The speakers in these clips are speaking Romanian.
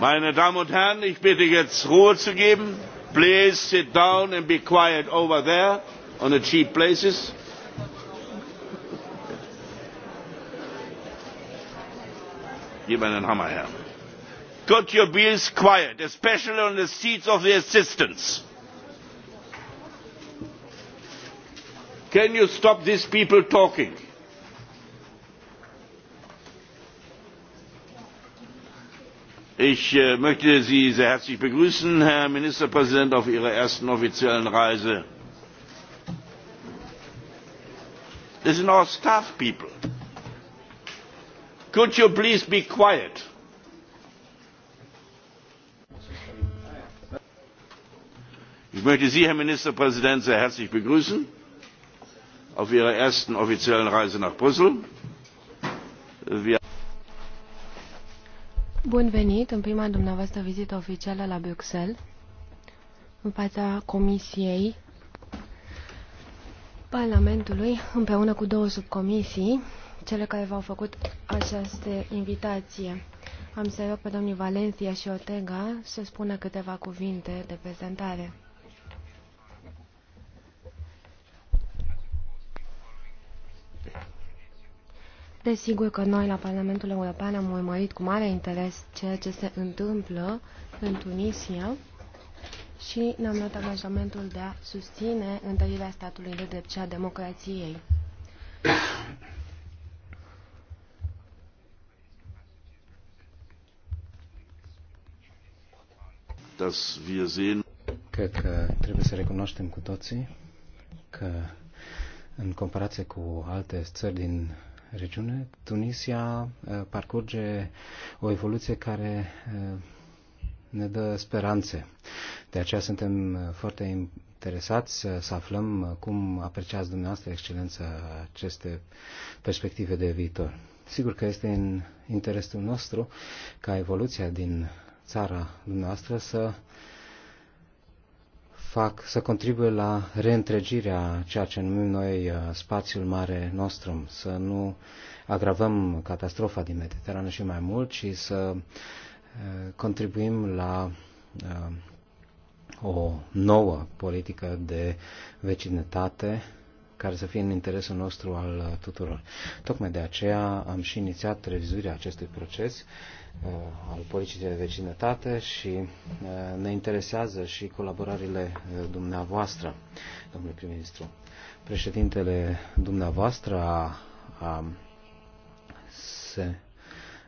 Meine Damen und Herren, ich bitte jetzt Ruhe zu geben. Please sit down and be quiet over there on the cheap places. Gib einen Hammer her. Could you be quiet, especially on the seats of the assistants? Can you stop these people talking? ich äh, möchte sie sehr herzlich begrüßen herr ministerpräsident auf ihrer ersten offiziellen reise. this is our staff people. could you please be quiet? ich möchte sie herr ministerpräsident sehr herzlich begrüßen auf ihrer ersten offiziellen reise nach brüssel. Bun venit în prima dumneavoastră vizită oficială la Bruxelles, în fața Comisiei Parlamentului, împreună cu două subcomisii, cele care v-au făcut această invitație. Am să rog pe domnii Valencia și Ortega să spună câteva cuvinte de prezentare. Desigur că noi la Parlamentul European am urmărit cu mare interes ceea ce se întâmplă în Tunisia și ne-am luat angajamentul de a susține întărirea statului de drept și a democrației. Cred că trebuie să recunoaștem cu toții că în comparație cu alte țări din regiune. Tunisia uh, parcurge o evoluție care uh, ne dă speranțe. De aceea suntem uh, foarte interesați să aflăm cum apreciați dumneavoastră, excelență, aceste perspective de viitor. Sigur că este în interesul nostru ca evoluția din țara dumneavoastră să uh, fac, să contribuie la reîntregirea ceea ce numim noi uh, spațiul mare nostru, să nu agravăm catastrofa din Mediterană și mai mult, ci să uh, contribuim la uh, o nouă politică de vecinătate care să fie în interesul nostru al tuturor. Tocmai de aceea am și inițiat revizuirea acestui proces uh, al politicii de vecinătate și uh, ne interesează și colaborările uh, dumneavoastră, domnule prim-ministru. Președintele dumneavoastră a, a, se,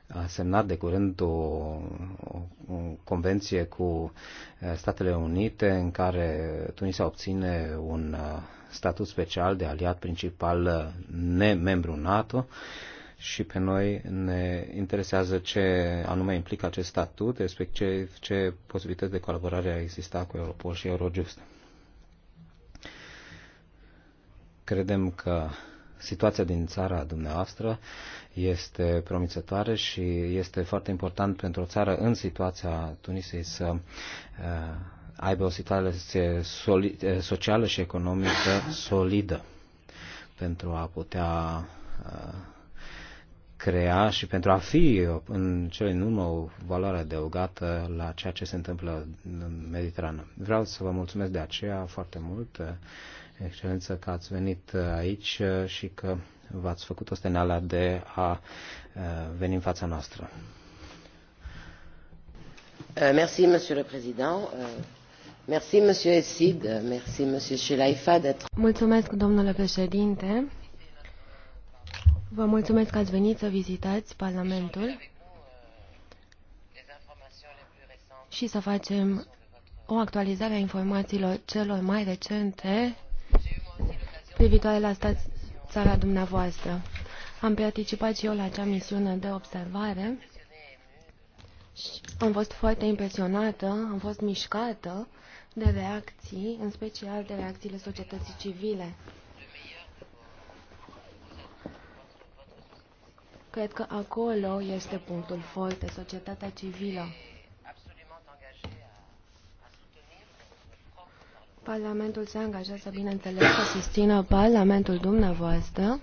a semnat de curând o, o, o convenție cu Statele Unite în care Tunisia obține un statut special de aliat principal uh, nemembru NATO și pe noi ne interesează ce anume implică acest statut, respect ce, ce posibilități de colaborare a existat cu Europol și Eurojust. Credem că situația din țara dumneavoastră este promițătoare și este foarte important pentru o țară în situația Tunisei să uh, aibă o situație eh, socială și economică solidă pentru a putea eh, crea și pentru a fi în cele din urmă o valoare adăugată la ceea ce se întâmplă în Mediterană. Vreau să vă mulțumesc de aceea foarte mult, eh, excelență, că ați venit aici și că v-ați făcut o steneală de a veni în fața noastră. Merci, Monsieur le Président. Mulțumesc, domnule președinte. Vă mulțumesc că ați venit să vizitați Parlamentul și să facem o actualizare a informațiilor celor mai recente privitoare la țara dumneavoastră. Am participat și eu la acea misiune de observare am fost foarte impresionată, am fost mișcată de reacții, în special de reacțiile societății civile. Cred că acolo este punctul foarte, societatea civilă. Parlamentul se angajează, bineînțeles, să susțină Parlamentul dumneavoastră,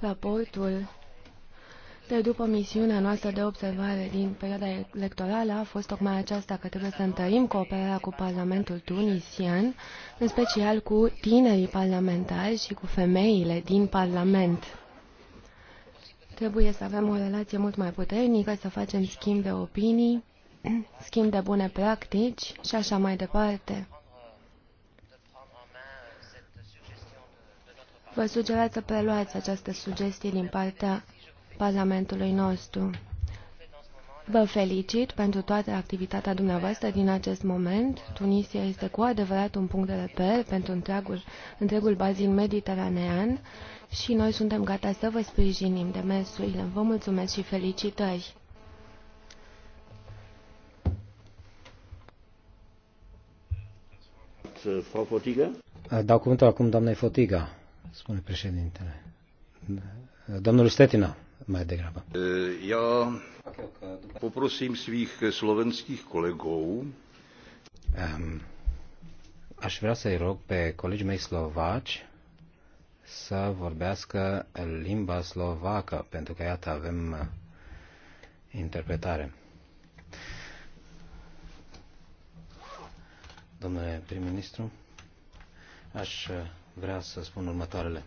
raportul de după misiunea noastră de observare din perioada electorală a fost tocmai aceasta că trebuie să întărim cooperarea cu Parlamentul tunisian, în special cu tinerii parlamentari și cu femeile din Parlament. Trebuie să avem o relație mult mai puternică, să facem schimb de opinii, schimb de bune practici și așa mai departe. Vă sugerați să preluați această sugestie din partea Parlamentului nostru. Vă felicit pentru toată activitatea dumneavoastră din acest moment. Tunisia este cu adevărat un punct de reper pentru întregul, întregul bazin mediteranean și noi suntem gata să vă sprijinim demersurile. Vă mulțumesc și felicitări! Frau Fotiga? Dau cuvântul acum doamnei Fotiga, spune președintele. Domnul Stetina mai degrabă. Ja poprosím svých slovenských kolegov. Aș vrea să-i rog pe colegii mei slovaci să vorbească limba slovacă, pentru că iată avem uh, interpretare. Domnule prim-ministru, aș uh, vrea să spun următoarele.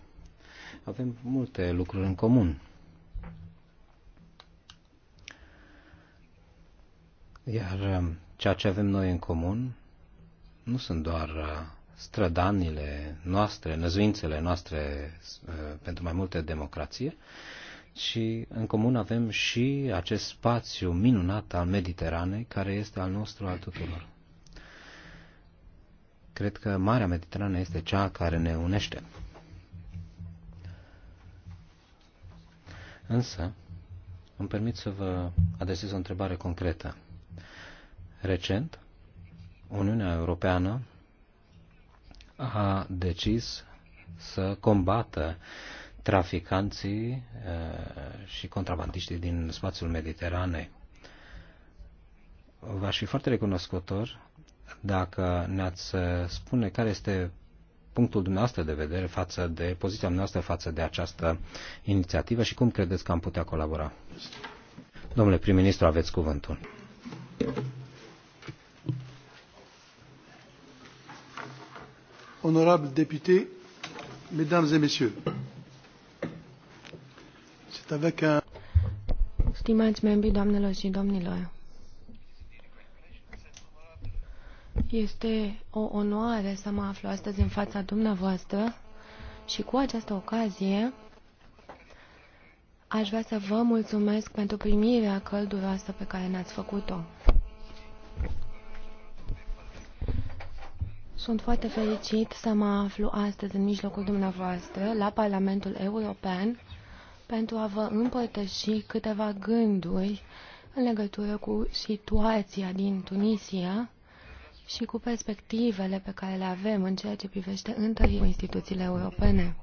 Avem multe lucruri în comun. Iar um, ceea ce avem noi în comun nu sunt doar uh, strădanile noastre, năzuințele noastre uh, pentru mai multe democrație, ci în comun avem și acest spațiu minunat al Mediteranei, care este al nostru, al tuturor. Cred că Marea Mediterană este cea care ne unește. Însă, îmi permit să vă adresez o întrebare concretă. Recent, Uniunea Europeană a decis să combată traficanții eh, și contrabandiștii din spațiul Mediteranei. V-aș fi foarte recunoscător dacă ne-ați eh, spune care este punctul dumneavoastră de vedere față de poziția dumneavoastră față de această inițiativă și cum credeți că am putea colabora. Domnule prim-ministru, aveți cuvântul. honorables députés, mesdames et messieurs, c'est avec un. Stimați membri, doamnelor și domnilor, este o onoare să mă aflu astăzi în fața dumneavoastră și cu această ocazie aș vrea să vă mulțumesc pentru primirea călduroasă pe care ne-ați făcut-o. Sunt foarte fericit să mă aflu astăzi în mijlocul dumneavoastră, la Parlamentul European, pentru a vă împărtăși câteva gânduri în legătură cu situația din Tunisia și cu perspectivele pe care le avem în ceea ce privește întărirea instituțiile europene.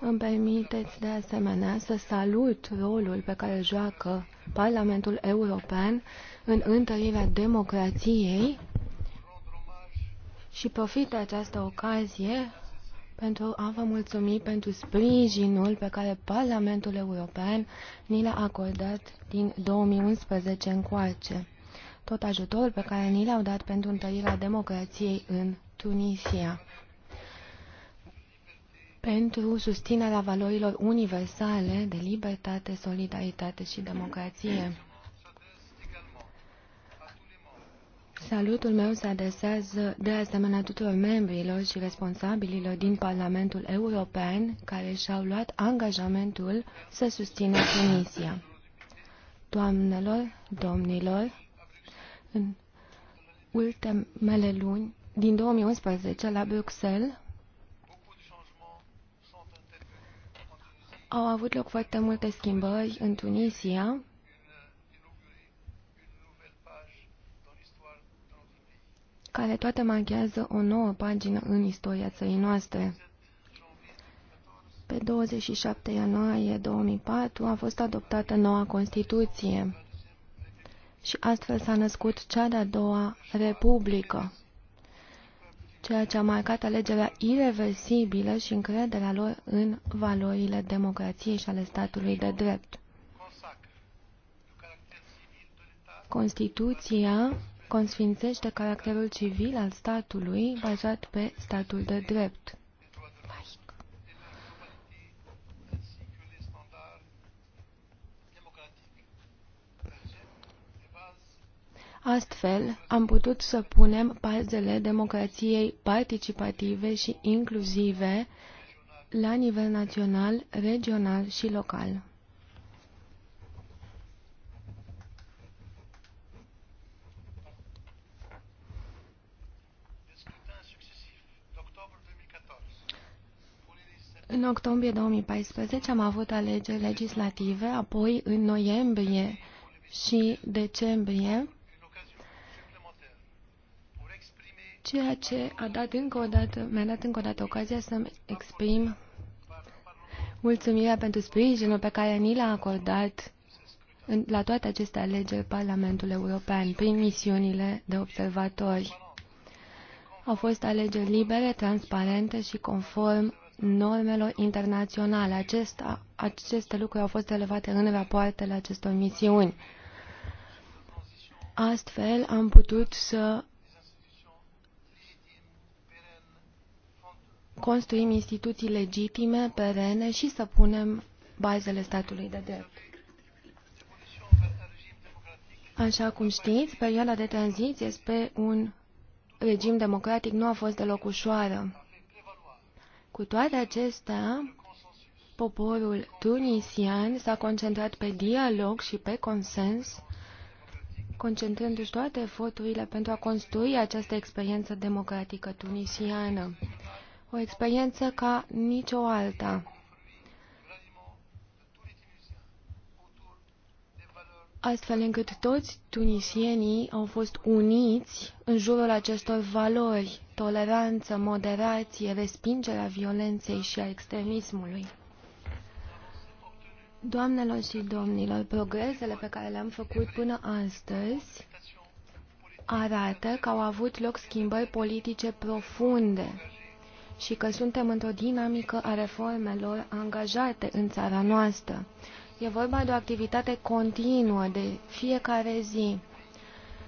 Îmi permiteți de asemenea să salut rolul pe care îl joacă Parlamentul European în întărirea democrației și profit de această ocazie pentru a vă mulțumi pentru sprijinul pe care Parlamentul European ni l-a acordat din 2011 încoace, tot ajutorul pe care ni l-au dat pentru întărirea democrației în Tunisia, pentru susținerea valorilor universale de libertate, solidaritate și democrație. Salutul meu se adresează de asemenea tuturor membrilor și responsabililor din Parlamentul European care și-au luat angajamentul să susțină Tunisia. Doamnelor, domnilor, în ultimele luni din 2011 la Bruxelles au avut loc foarte multe schimbări în Tunisia, care toate marchează o nouă pagină în istoria țării noastre. Pe 27 ianuarie 2004 a fost adoptată noua Constituție și astfel s-a născut cea de-a doua Republică, ceea ce a marcat alegerea irreversibilă și încrederea lor în valorile democrației și ale statului de drept. Constituția consfințește caracterul civil al statului bazat pe statul de drept. Astfel, am putut să punem bazele democrației participative și inclusive la nivel național, regional și local. În octombrie 2014 am avut alegeri legislative, apoi în noiembrie și decembrie, ceea ce a dat încă o dată, mi-a dat încă o dată ocazia să-mi exprim mulțumirea pentru sprijinul pe care ni l-a acordat în, la toate aceste alegeri Parlamentul European prin misiunile de observatori. Au fost alegeri libere, transparente și conform normelor internaționale. Acest, aceste lucruri au fost elevate în rapoartele acestor misiuni. Astfel am putut să construim instituții legitime, perene și să punem bazele statului de drept. Așa cum știți, perioada de tranziție spre un regim democratic nu a fost deloc ușoară. Cu toate acestea, poporul tunisian s-a concentrat pe dialog și pe consens, concentrându-și toate eforturile pentru a construi această experiență democratică tunisiană. O experiență ca nicio alta. astfel încât toți tunisienii au fost uniți în jurul acestor valori, toleranță, moderație, respingerea violenței și a extremismului. Doamnelor și domnilor, progresele pe care le-am făcut până astăzi arată că au avut loc schimbări politice profunde și că suntem într-o dinamică a reformelor angajate în țara noastră. E vorba de o activitate continuă de fiecare zi,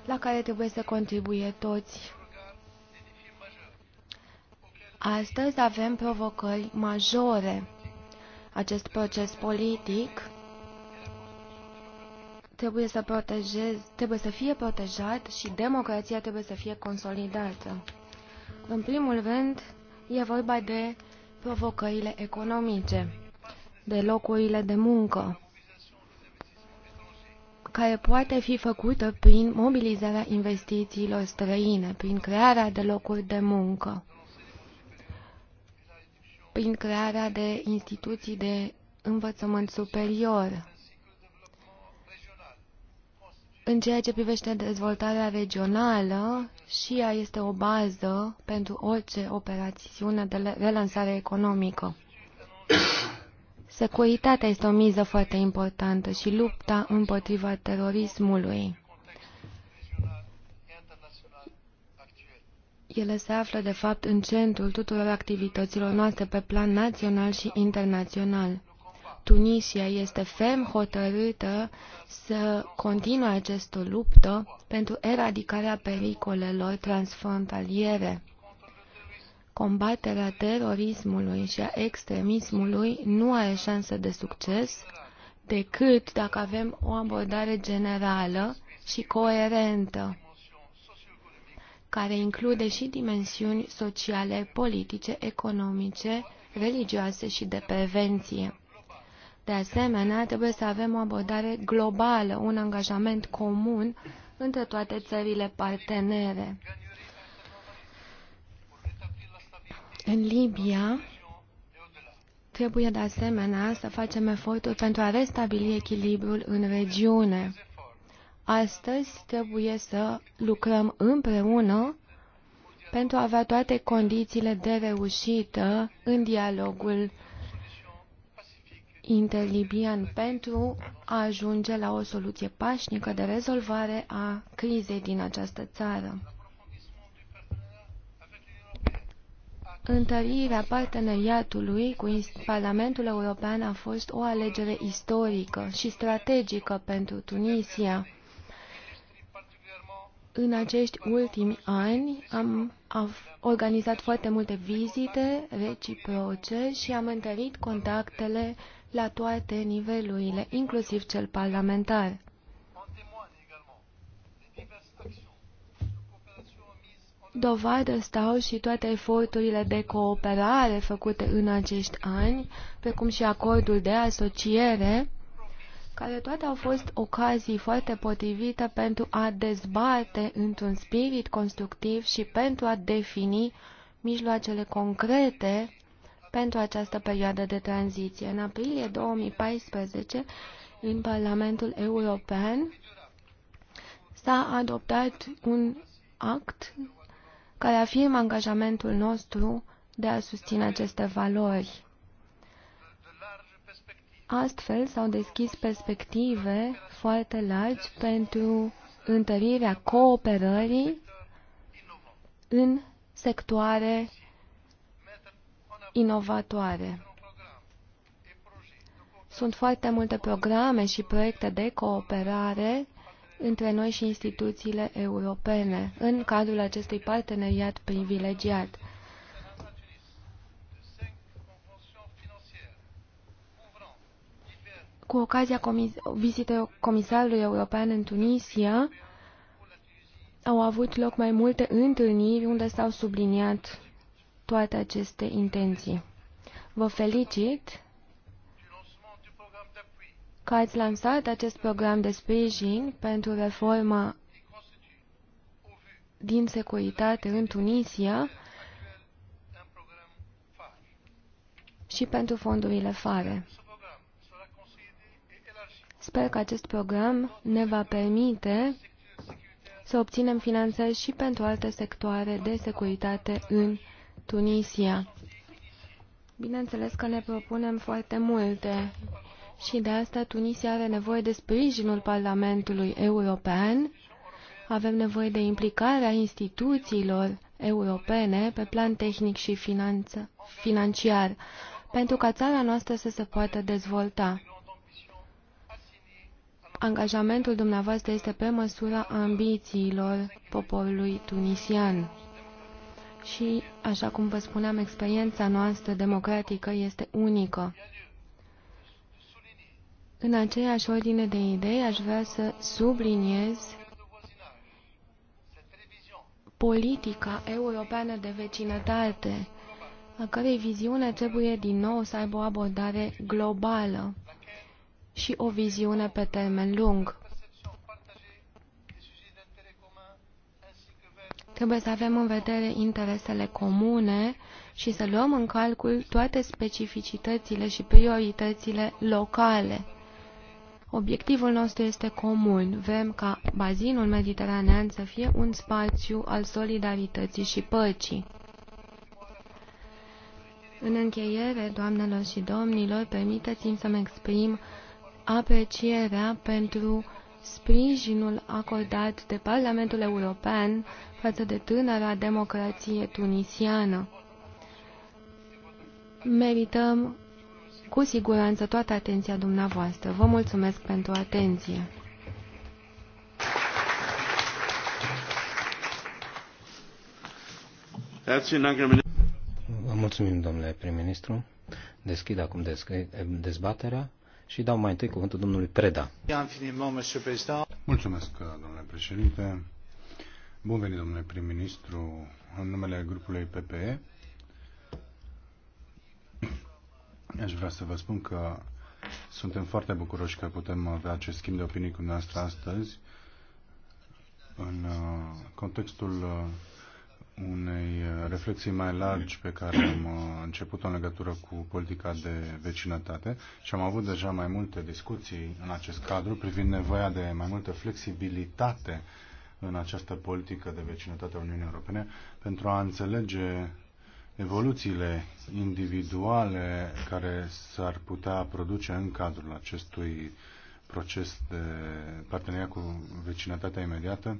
la care trebuie să contribuie toți. Astăzi avem provocări majore. Acest proces politic trebuie să, protejez, trebuie să fie protejat și democrația trebuie să fie consolidată. În primul rând, e vorba de provocările economice de locurile de muncă, care poate fi făcută prin mobilizarea investițiilor străine, prin crearea de locuri de muncă, prin crearea de instituții de învățământ superior. În ceea ce privește dezvoltarea regională, și ea este o bază pentru orice operațiune de relansare economică. Securitatea este o miză foarte importantă și lupta împotriva terorismului. Ele se află, de fapt, în centrul tuturor activităților noastre pe plan național și internațional. Tunisia este ferm hotărâtă să continue această luptă pentru eradicarea pericolelor transfrontaliere. Combaterea terorismului și a extremismului nu are șanse de succes decât dacă avem o abordare generală și coerentă, care include și dimensiuni sociale, politice, economice, religioase și de prevenție. De asemenea, trebuie să avem o abordare globală, un angajament comun între toate țările partenere. În Libia trebuie de asemenea să facem eforturi pentru a restabili echilibrul în regiune. Astăzi trebuie să lucrăm împreună pentru a avea toate condițiile de reușită în dialogul interlibian pentru a ajunge la o soluție pașnică de rezolvare a crizei din această țară. Întărirea parteneriatului cu Parlamentul European a fost o alegere istorică și strategică pentru Tunisia. În acești ultimi ani am, organizat foarte multe vizite reciproce și am întărit contactele la toate nivelurile, inclusiv cel parlamentar. dovadă stau și toate eforturile de cooperare făcute în acești ani, precum și acordul de asociere, care toate au fost ocazii foarte potrivite pentru a dezbate într-un spirit constructiv și pentru a defini mijloacele concrete pentru această perioadă de tranziție. În aprilie 2014, în Parlamentul European, s-a adoptat un act care afirmă angajamentul nostru de a susține aceste valori. Astfel s-au deschis perspective foarte largi pentru întărirea cooperării în sectoare inovatoare. Sunt foarte multe programe și proiecte de cooperare între noi și instituțiile europene în cadrul acestui parteneriat privilegiat. Cu ocazia comis vizitei comisarului european în Tunisia, au avut loc mai multe întâlniri unde s-au subliniat toate aceste intenții. Vă felicit că ați lansat acest program de sprijin pentru reforma din securitate în Tunisia și pentru fondurile fare. Sper că acest program ne va permite să obținem finanțări și pentru alte sectoare de securitate în Tunisia. Bineînțeles că ne propunem foarte multe și de asta Tunisia are nevoie de sprijinul Parlamentului European. Avem nevoie de implicarea instituțiilor europene pe plan tehnic și finanță, financiar pentru ca țara noastră să se poată dezvolta. Angajamentul dumneavoastră este pe măsura ambițiilor poporului tunisian. Și, așa cum vă spuneam, experiența noastră democratică este unică. În aceeași ordine de idei, aș vrea să subliniez politica europeană de vecinătate, a cărei viziune trebuie din nou să aibă o abordare globală și o viziune pe termen lung. Trebuie să avem în vedere interesele comune și să luăm în calcul toate specificitățile și prioritățile locale. Obiectivul nostru este comun. Vrem ca bazinul mediteranean să fie un spațiu al solidarității și păcii. În încheiere, doamnelor și domnilor, permiteți-mi să-mi exprim aprecierea pentru sprijinul acordat de Parlamentul European față de tânăra democrație tunisiană. Merităm cu siguranță toată atenția dumneavoastră. Vă mulțumesc pentru atenție. Vă mulțumim, domnule prim-ministru. Deschid acum dezbaterea și dau mai întâi cuvântul domnului Preda. Mulțumesc, domnule președinte. Bun venit, domnule prim-ministru, în numele grupului PPE. Aș vrea să vă spun că suntem foarte bucuroși că putem avea acest schimb de opinii cu dumneavoastră astăzi în uh, contextul uh, unei uh, reflexii mai largi pe care am început-o în legătură cu politica de vecinătate și am avut deja mai multe discuții în acest cadru privind nevoia de mai multă flexibilitate în această politică de vecinătate a Uniunii Europene pentru a înțelege evoluțiile individuale care s-ar putea produce în cadrul acestui proces de parteneriat cu vecinătatea imediată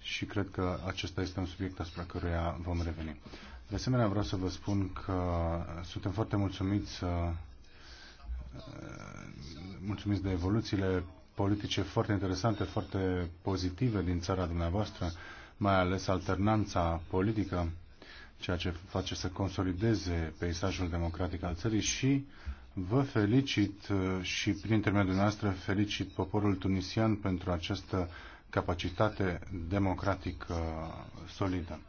și cred că acesta este un subiect asupra căruia vom reveni. De asemenea, vreau să vă spun că suntem foarte mulțumiți, uh, mulțumiți de evoluțiile politice foarte interesante, foarte pozitive din țara dumneavoastră, mai ales alternanța politică ceea ce face să consolideze peisajul democratic al țării și vă felicit uh, și prin intermediul noastră felicit poporul tunisian pentru această capacitate democratică uh, solidă.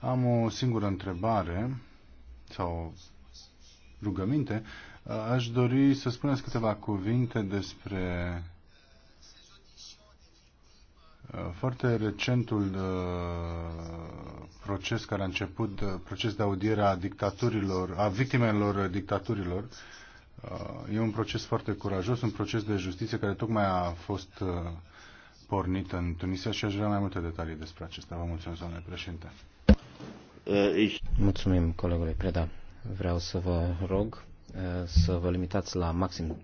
Am o singură întrebare sau rugăminte. Uh, aș dori să spuneți câteva cuvinte despre foarte recentul uh, proces care a început, uh, proces de audiere a dictaturilor, a victimelor dictaturilor, uh, e un proces foarte curajos, un proces de justiție care tocmai a fost pornit în Tunisia și aș vrea mai multe detalii despre acesta. Vă mulțumesc, domnule președinte. Mulțumim, colegului Preda. Vreau să vă rog să vă limitați la maxim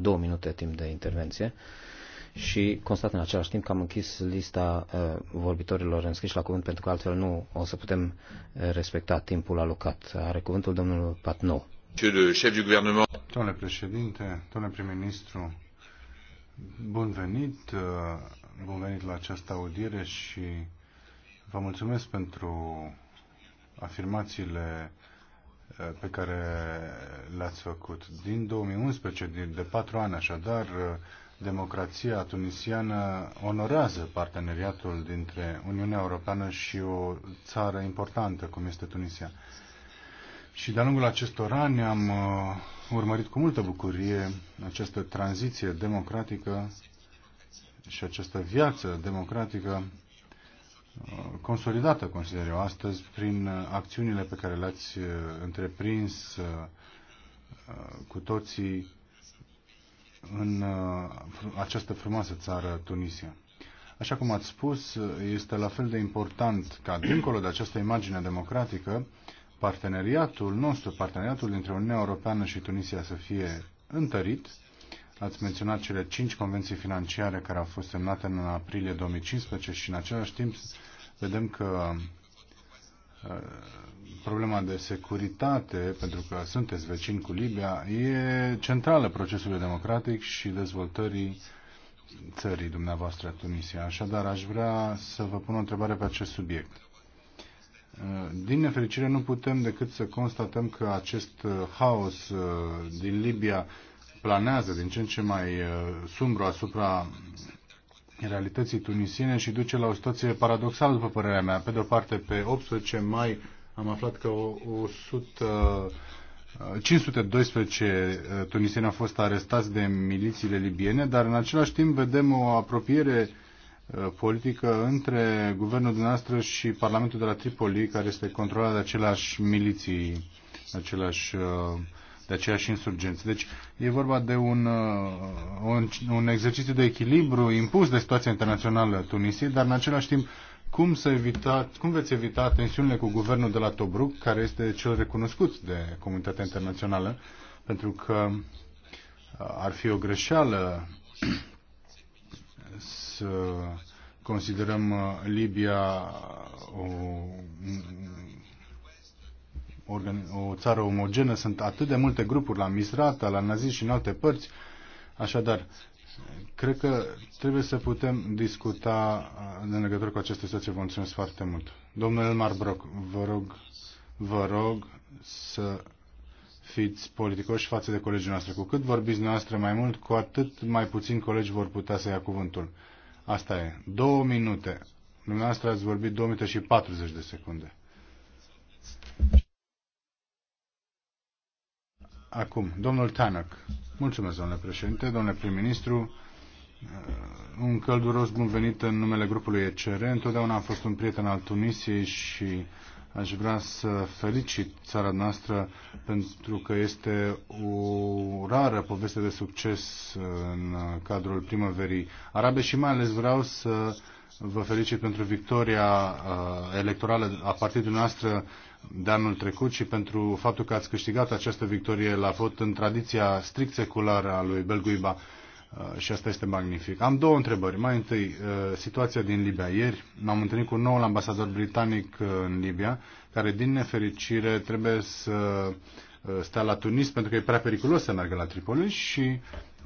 două minute timp de intervenție și constat în același timp că am închis lista uh, vorbitorilor înscriși la cuvânt pentru că altfel nu o să putem uh, respecta timpul alocat. Are cuvântul domnul Patnou. Domnule președinte, domnule prim-ministru, bun venit, uh, bun venit la această audiere și vă mulțumesc pentru afirmațiile pe care l ați făcut. Din 2011, din, de patru ani așadar, democrația tunisiană onorează parteneriatul dintre Uniunea Europeană și o țară importantă cum este Tunisia. Și de-a lungul acestor ani am uh, urmărit cu multă bucurie această tranziție democratică și această viață democratică Uh, consolidată, consider eu, astăzi prin uh, acțiunile pe care le-ați uh, întreprins cu toții în această frumoasă țară, Tunisia. Așa cum ați spus, este la fel de important ca, dincolo de această imagine democratică, parteneriatul nostru, parteneriatul dintre Uniunea Europeană și Tunisia să fie întărit Ați menționat cele cinci convenții financiare care au fost semnate în aprilie 2015 și în același timp vedem că uh, problema de securitate, pentru că sunteți vecini cu Libia, e centrală procesului democratic și dezvoltării țării dumneavoastră, Tunisia. Așadar, aș vrea să vă pun o întrebare pe acest subiect. Uh, din nefericire, nu putem decât să constatăm că acest uh, haos din Libia planează din ce în ce mai uh, sumbru asupra realității tunisiene și duce la o situație paradoxală, după părerea mea. Pe de-o parte, pe 18 mai am aflat că 100, 512 uh, uh, tunisieni au fost arestați de milițiile libiene, dar în același timp vedem o apropiere politică între guvernul dumneavoastră și Parlamentul de la Tripoli, care este controlat de aceleași miliții, aceleași uh, de aceeași insurgență. Deci e vorba de un, uh, un, un exercițiu de echilibru impus de situația internațională Tunisiei, dar în același timp cum, să evita, cum veți evita tensiunile cu guvernul de la Tobruk, care este cel recunoscut de comunitatea internațională, pentru că uh, ar fi o greșeală să considerăm uh, Libia o, o țară omogenă. Sunt atât de multe grupuri la Misrata, la Nazi și în alte părți. Așadar, cred că trebuie să putem discuta uh, în legătură cu aceste situații. Vă mulțumesc foarte mult. Domnul Elmar Broc, vă rog, vă rog să fiți politicoși față de colegii noastre. Cu cât vorbiți noastră mai mult, cu atât mai puțin colegi vor putea să ia cuvântul. Asta e. Două minute. Dumneavoastră ați vorbit 2 minute și 40 de secunde. Acum, domnul Tanak. Mulțumesc, domnule președinte, domnule prim-ministru. Uh, un călduros bun venit în numele grupului ECR. Întotdeauna am fost un prieten al Tunisiei și aș vrea să felicit țara noastră pentru că este o rară poveste de succes în cadrul primăverii arabe și mai ales vreau să vă felicit pentru victoria uh, electorală a partidului noastră de anul trecut și pentru faptul că ați câștigat această victorie la vot în tradiția strict seculară a lui Belguiba uh, și asta este magnific. Am două întrebări. Mai întâi, uh, situația din Libia. Ieri m-am întâlnit cu noul ambasador britanic uh, în Libia, care din nefericire trebuie să stea la Tunis pentru că e prea periculos să meargă la Tripoli și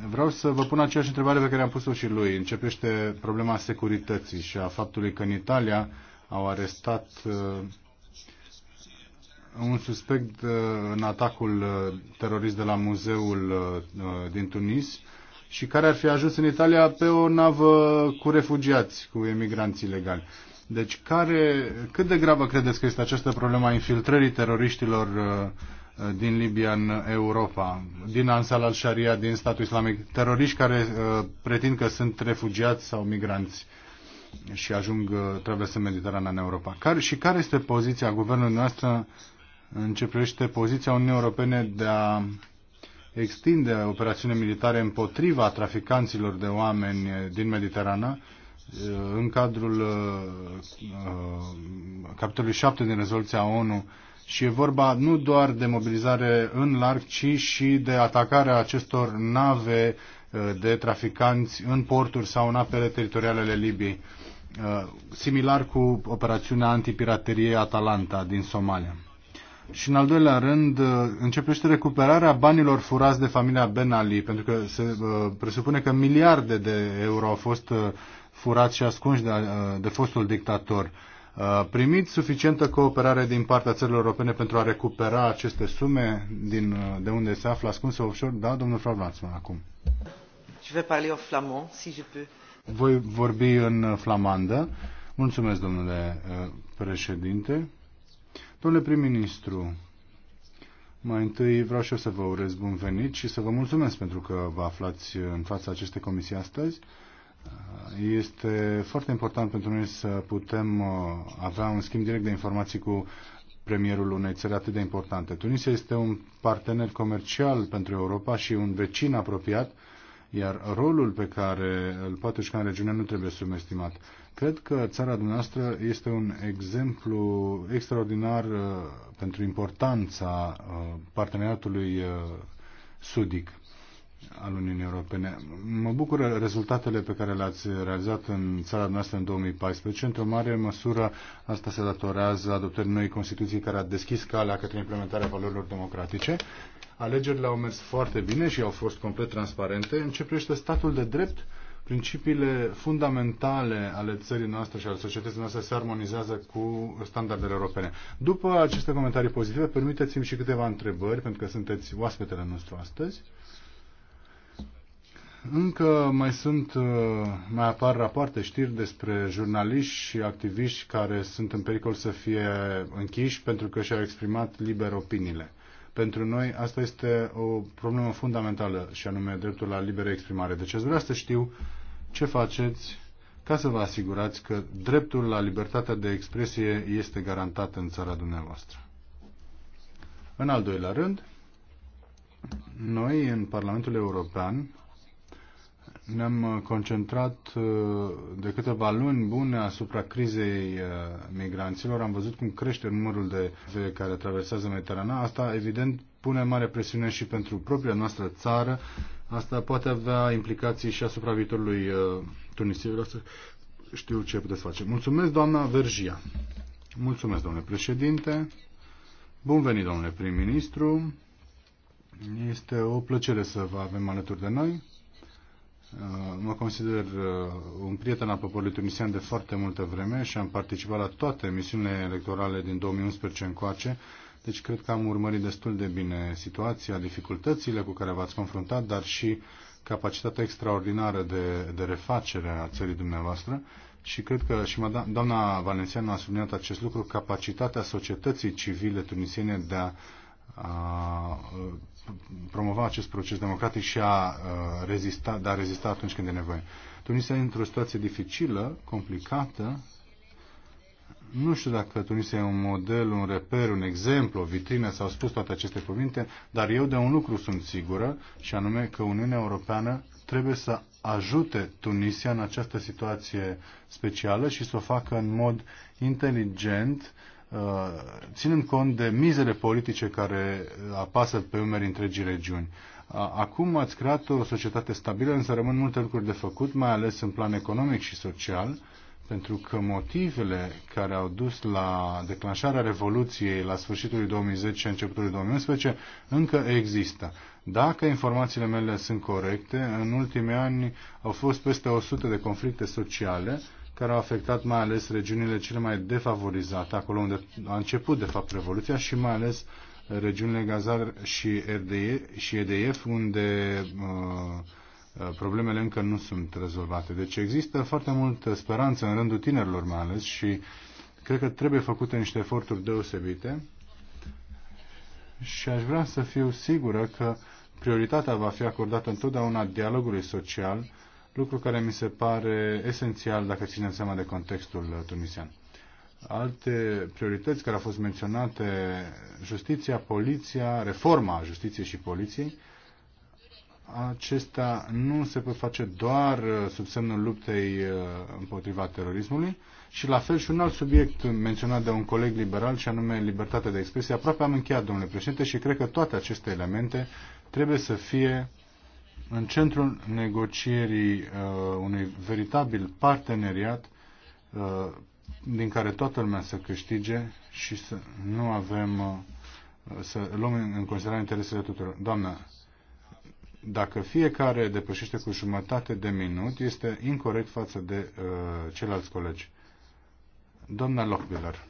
vreau să vă pun aceeași întrebare pe care am pus-o și lui. Începește problema securității și a faptului că în Italia au arestat un suspect uh, în atacul uh, terorist de la muzeul uh, din Tunis și care ar fi ajuns în Italia pe o navă cu refugiați, cu emigranți ilegali. Deci care, cât de gravă credeți că este această problemă a infiltrării teroriștilor din Libia în Europa, din Ansal al-Sharia, din statul islamic, teroriști care pretind că sunt refugiați sau migranți? și ajung, traversând Mediterana în Europa. Care, și care este poziția guvernului noastră în ce privește poziția Uniunii Europene de a extinde operațiune militare împotriva traficanților de oameni din Mediterana eh, în cadrul uh, capitolului 7 din rezoluția ONU și e vorba nu doar de mobilizare în larg, ci și de atacarea acestor nave eh, de traficanți în porturi sau în apele teritoriale ale Libiei, similar cu operațiunea antipiraterie Atalanta din Somalia. Și în al doilea rând, uh, începește recuperarea banilor furați de familia Ben Ali, pentru că se uh, presupune că miliarde de euro au fost uh, furați și ascunși de, de fostul dictator. Primit suficientă cooperare din partea țărilor europene pentru a recupera aceste sume din, de unde se află ascunse offshore? Da, domnul Flavlațman, acum. Je vais parler flamand, si je peux. Voi vorbi în flamandă. Mulțumesc, domnule președinte. Domnule prim-ministru, mai întâi vreau și eu să vă urez bun venit și să vă mulțumesc pentru că vă aflați în fața acestei comisii astăzi. Este foarte important pentru noi să putem uh, avea un schimb direct de informații cu premierul unei țări atât de importante. Tunisia este un partener comercial pentru Europa și un vecin apropiat iar rolul pe care îl poate juca în regiune nu trebuie subestimat. Cred că țara dumneavoastră este un exemplu extraordinar uh, pentru importanța uh, parteneriatului uh, sudic al Uniunii Europene. Mă bucură rezultatele pe care le-ați realizat în țara noastră în 2014. Într-o mare măsură asta se datorează adoptării noi Constituții care a deschis calea către implementarea valorilor democratice. Alegerile au mers foarte bine și au fost complet transparente. privește statul de drept. Principiile fundamentale ale țării noastre și ale societății noastre se armonizează cu standardele europene. După aceste comentarii pozitive, permiteți-mi și câteva întrebări, pentru că sunteți oaspetele nostru astăzi. Uh, încă mai sunt, uh, mai apar rapoarte, știri despre jurnaliști și activiști care sunt în pericol să fie închiși pentru că și-au exprimat liber opiniile. Pentru noi asta este o problemă fundamentală și anume dreptul la liberă exprimare. Deci aș vrea să știu ce faceți ca să vă asigurați că dreptul la libertatea de expresie este garantat în țara dumneavoastră. În al doilea rând, noi în Parlamentul European ne-am uh, concentrat uh, de câteva luni bune asupra crizei uh, migranților. Am văzut cum crește numărul de care traversează Mediterana. Asta, evident, pune mare presiune și pentru propria noastră țară. Asta poate avea implicații și asupra viitorului Tunisiei. Vreau să știu ce puteți face. Mulțumesc, doamna Vergia. Mulțumesc, domnule președinte. Bun venit, domnule prim-ministru. Este o plăcere să vă avem alături de noi. Uh, mă consider uh, un prieten al poporului tunisian de foarte multă vreme și am participat la toate misiunile electorale din 2011 încoace, deci cred că am urmărit destul de bine situația, dificultățile cu care v-ați confruntat, dar și capacitatea extraordinară de, de refacere a țării dumneavoastră și cred că și da, doamna Valențianu a subliniat acest lucru, capacitatea societății civile tunisiene de a, a promova acest proces democratic și a uh, rezista, de a rezista atunci când e nevoie. Tunisia e într-o situație dificilă, complicată. Nu știu dacă Tunisia e un model, un reper, un exemplu, o vitrină, s-au spus toate aceste cuvinte, dar eu de un lucru sunt sigură, și anume că Uniunea Europeană trebuie să ajute Tunisia în această situație specială și să o facă în mod inteligent, Uh, ținând cont de mizele politice care uh, apasă pe umeri întregii regiuni. Uh, acum ați creat o societate stabilă, însă rămân multe lucruri de făcut, mai ales în plan economic și social, pentru că motivele care au dus la declanșarea Revoluției la sfârșitul 2010 și începutul 2011 încă există. Dacă informațiile mele sunt corecte, în ultimii ani au fost peste 100 de conflicte sociale care au afectat mai ales regiunile cele mai defavorizate, acolo unde a început, de fapt, Revoluția și mai ales regiunile Gazar și, RDE, și EDF, unde uh, uh, problemele încă nu sunt rezolvate. Deci există foarte multă speranță în rândul tinerilor mai ales și cred că trebuie făcute niște eforturi deosebite și aș vrea să fiu sigură că prioritatea va fi acordată întotdeauna dialogului social lucru care mi se pare esențial dacă ținem seama de contextul tunisian. Alte priorități care au fost menționate, justiția, poliția, reforma justiției și poliției, acesta nu se pot face doar uh, sub semnul luptei uh, împotriva terorismului și la fel și un alt subiect menționat de un coleg liberal și anume libertatea de expresie. Aproape am încheiat, domnule președinte, și cred că toate aceste elemente trebuie să fie în centrul negocierii uh, unui veritabil parteneriat uh, din care toată lumea să câștige și să nu avem uh, să luăm în considerare interesele tuturor. Doamnă, dacă fiecare depășește cu jumătate de minut, este incorrect față de uh, ceilalți colegi. Doamna Lochbiller.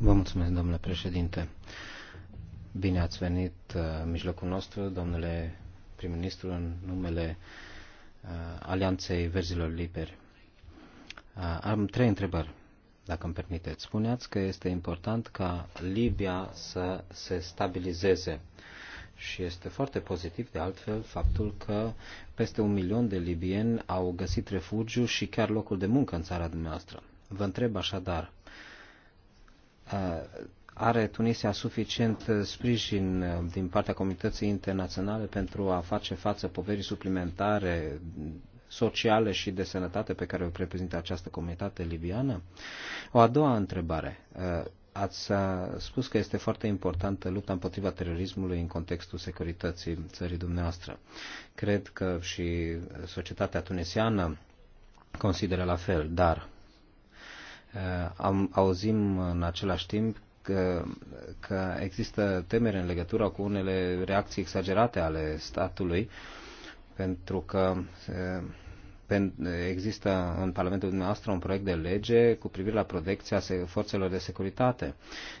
Vă mulțumesc, domnule președinte. Bine ați venit uh, în mijlocul nostru, domnule prim-ministru în numele uh, Alianței Verzilor Liberi. Uh, am trei întrebări, dacă îmi permiteți. Spuneați că este important ca Libia să se stabilizeze. Și este foarte pozitiv, de altfel, faptul că peste un milion de libieni au găsit refugiu și chiar locul de muncă în țara dumneavoastră. Vă întreb așadar, uh, are Tunisia suficient uh, sprijin uh, din partea comunității internaționale pentru a face față poverii suplimentare sociale și de sănătate pe care o reprezintă această comunitate libiană? O a doua întrebare. Uh, ați spus că este foarte importantă lupta împotriva terorismului în contextul securității țării dumneavoastră. Cred că și societatea tunisiană consideră la fel, dar am, auzim în același timp că, că există temere în legătură cu unele reacții exagerate ale statului, pentru că există în Parlamentul dumneavoastră un proiect de lege cu privire la protecția forțelor de securitate,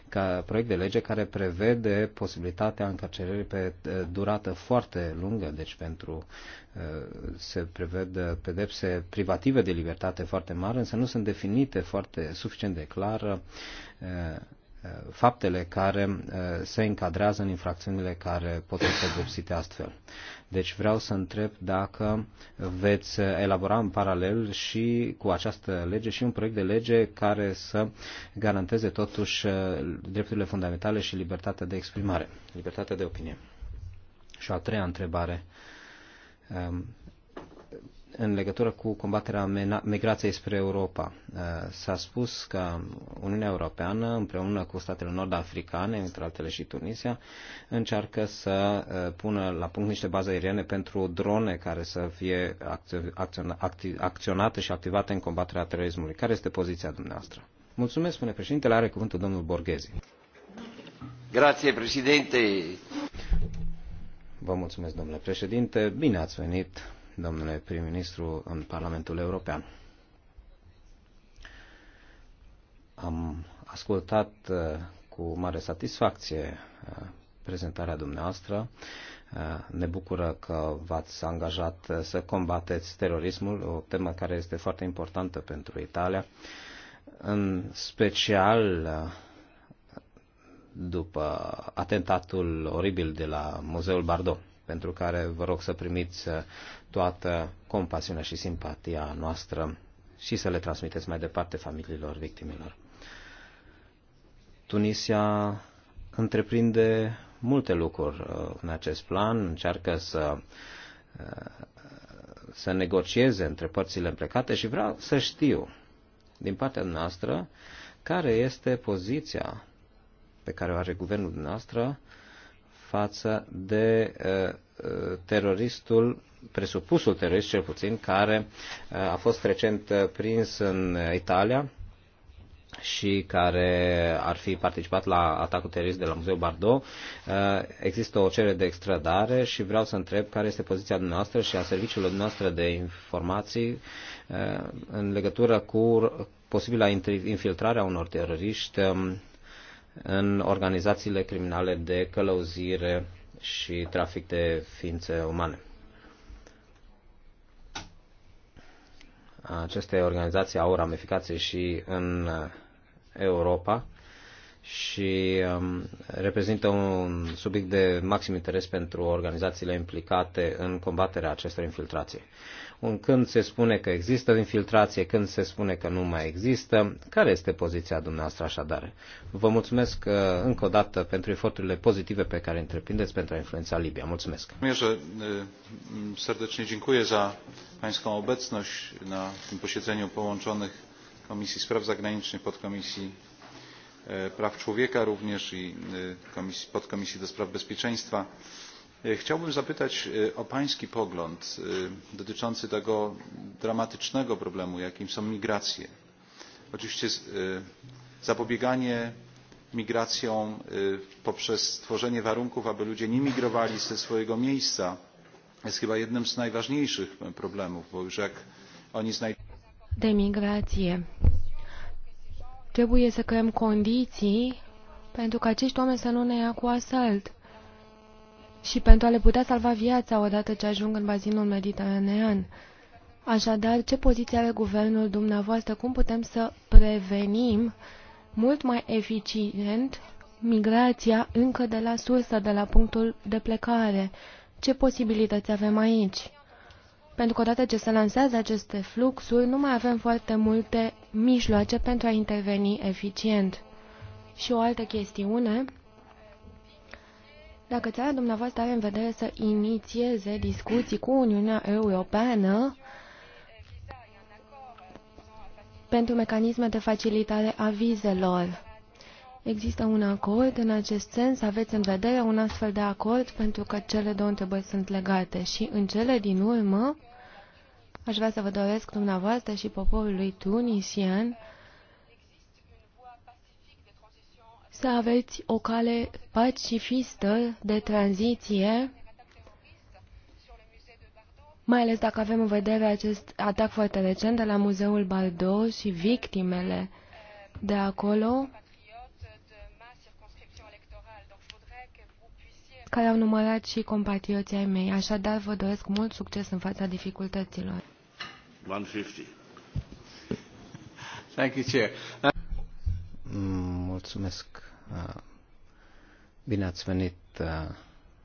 ca proiect de lege care prevede posibilitatea încarcerării pe durată foarte lungă, deci pentru se preved pedepse privative de libertate foarte mari, însă nu sunt definite foarte suficient de clar faptele care eh, se încadrează în infracțiunile care pot fi pedepsite astfel. Deci vreau să întreb dacă veți elabora în paralel și cu această lege și un proiect de lege care să garanteze totuși eh, drepturile fundamentale și libertatea de exprimare, libertatea de opinie. Și a treia întrebare ehm, în legătură cu combaterea migrației spre Europa. Uh, s-a spus că Uniunea Europeană, împreună cu statele nord-africane, între altele și Tunisia, încearcă să uh, pună la punct niște baze aeriene pentru drone care să fie acționate și activate în combaterea terorismului. Care este poziția dumneavoastră? Mulțumesc, spune președintele. Are cuvântul domnul Borghezi. Grație, președinte. Vă mulțumesc, domnule președinte. Bine ați venit domnule prim-ministru, în Parlamentul European. Am ascultat uh, cu mare satisfacție uh, prezentarea dumneavoastră. Uh, ne bucură că v-ați angajat să combateți terorismul, o temă care este foarte importantă pentru Italia, în special după atentatul oribil de la Muzeul Bardo, pentru care vă rog să primiți toată compasiunea și simpatia noastră și să le transmiteți mai departe familiilor victimilor. Tunisia întreprinde multe lucruri uh, în acest plan, încearcă să, uh, să negocieze între părțile împlecate și vreau să știu din partea noastră care este poziția pe care o are guvernul noastră față de uh, teroristul presupusul terorist cel puțin, care uh, a fost recent uh, prins în Italia și care ar fi participat la atacul terorist de la Muzeul Bardo. Uh, există o cerere de extradare și vreau să întreb care este poziția dumneavoastră și a serviciilor dumneavoastră de informații în legătură cu posibila infiltrarea unor teroriști um, în organizațiile criminale de călăuzire și trafic de ființe umane. Aceste organizații au ramificații și în Europa și um, reprezintă un subiect de maxim interes pentru organizațiile implicate în combaterea acestor infiltrații. Un când se spune că există infiltrație, când se spune că nu mai există, care este poziția dumneavoastră așadar? Vă mulțumesc uh, încă o dată pentru eforturile pozitive pe care întreprindeți pentru a influența Libia. Mulțumesc. Mierze, serdecznie dziękuję za pańską obecność na tym posiedzeniu połączonych Komisji Spraw Zagranicznych, Podkomisji praw człowieka również i podkomisji do spraw bezpieczeństwa. Chciałbym zapytać o pański pogląd dotyczący tego dramatycznego problemu, jakim są migracje. Oczywiście zapobieganie migracjom poprzez stworzenie warunków, aby ludzie nie migrowali ze swojego miejsca jest chyba jednym z najważniejszych problemów, bo już jak oni znajdują... Trebuie să creăm condiții pentru că acești oameni să nu ne ia cu asalt și pentru a le putea salva viața odată ce ajung în bazinul mediteranean. Așadar, ce poziție are guvernul dumneavoastră? Cum putem să prevenim mult mai eficient migrația încă de la sursă, de la punctul de plecare? Ce posibilități avem aici? pentru că odată ce se lansează aceste fluxuri, nu mai avem foarte multe mijloace pentru a interveni eficient. Și o altă chestiune, dacă țara dumneavoastră are în vedere să inițieze discuții cu Uniunea Europeană pentru mecanisme de facilitare a vizelor, Există un acord în acest sens? Aveți în vedere un astfel de acord? Pentru că cele două întrebări sunt legate. Și în cele din urmă, aș vrea să vă doresc dumneavoastră și poporului tunisian să aveți o cale pacifistă de tranziție, mai ales dacă avem în vedere acest atac foarte recent de la Muzeul Bardo și victimele de acolo. care au numărat și compatrioții ai mei. Așadar, vă doresc mult succes în fața dificultăților. 150. Thank you, Chair. Mulțumesc. Bine ați venit uh,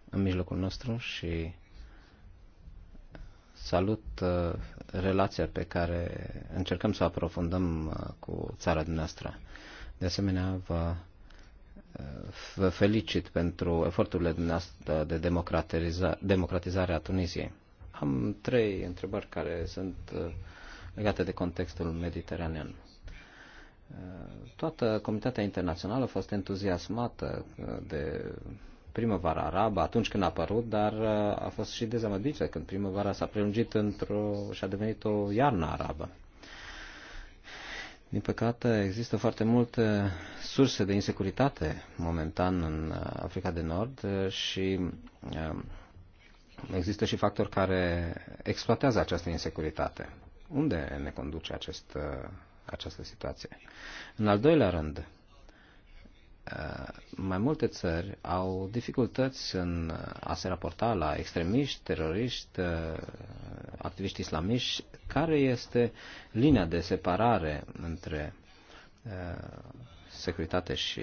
în mijlocul nostru și salut uh, relația pe care încercăm să o aprofundăm uh, cu țara dumneavoastră. De asemenea, vă Vă felicit pentru eforturile dumneavoastră de democratizare, democratizare a Tunisiei. Am trei întrebări care sunt uh, legate de contextul mediteranean. Uh, toată comunitatea internațională a fost entuziasmată uh, de primăvara arabă atunci când a apărut, dar a fost și dezamăgită când primăvara s-a prelungit într-o și a devenit o iarnă arabă. Din păcate, există foarte multe surse de insecuritate momentan în uh, Africa de Nord uh, și uh, există și factori care exploatează această insecuritate. Unde ne conduce acest, această situație? În al doilea rând, Uh, mai multe țări au dificultăți în uh, a se raporta la extremiști, teroriști, uh, activiști islamiști. Care este linia de separare între securitate și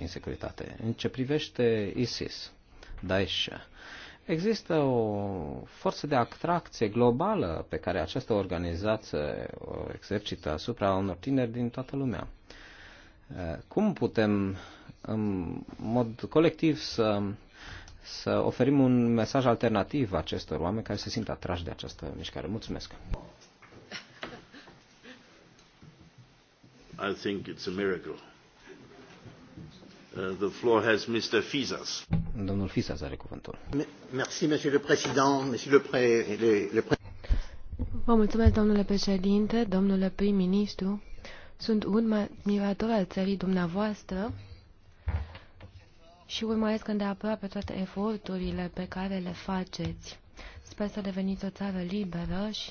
insecuritate? În ce privește ISIS, Daesh, există o forță de atracție globală pe care această organizație o exercită asupra unor tineri din toată lumea. Eh, cum putem în mod colectiv să, să oferim un mesaj alternativ acestor oameni care se simt atrași de această mișcare? Mulțumesc! I think it's a miracle. Uh, the floor has Mr. Fizas. Domnul Fizas are cuvântul. Merci, Monsieur le Président, Monsieur le, Pré... le, le Pré... Vă mulțumesc, domnule președinte, domnule prim-ministru. Sunt un admirator al țării dumneavoastră și urmăresc îndeaproape toate eforturile pe care le faceți. Sper să deveniți o țară liberă și